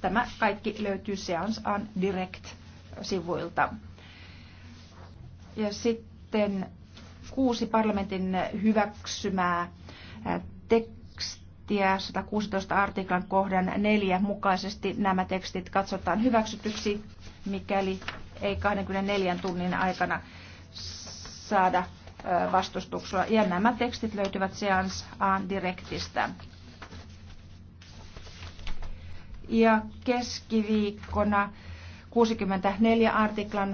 Tämä kaikki löytyy on Direct-sivuilta. Ja sitten kuusi parlamentin hyväksymää tekstiä 116 artiklan kohdan neljä mukaisesti nämä tekstit katsotaan hyväksytyksi, mikäli ei 24 tunnin aikana saada vastustuksella. Ja nämä tekstit löytyvät Seance on Directistä ja keskiviikkona 64 artiklan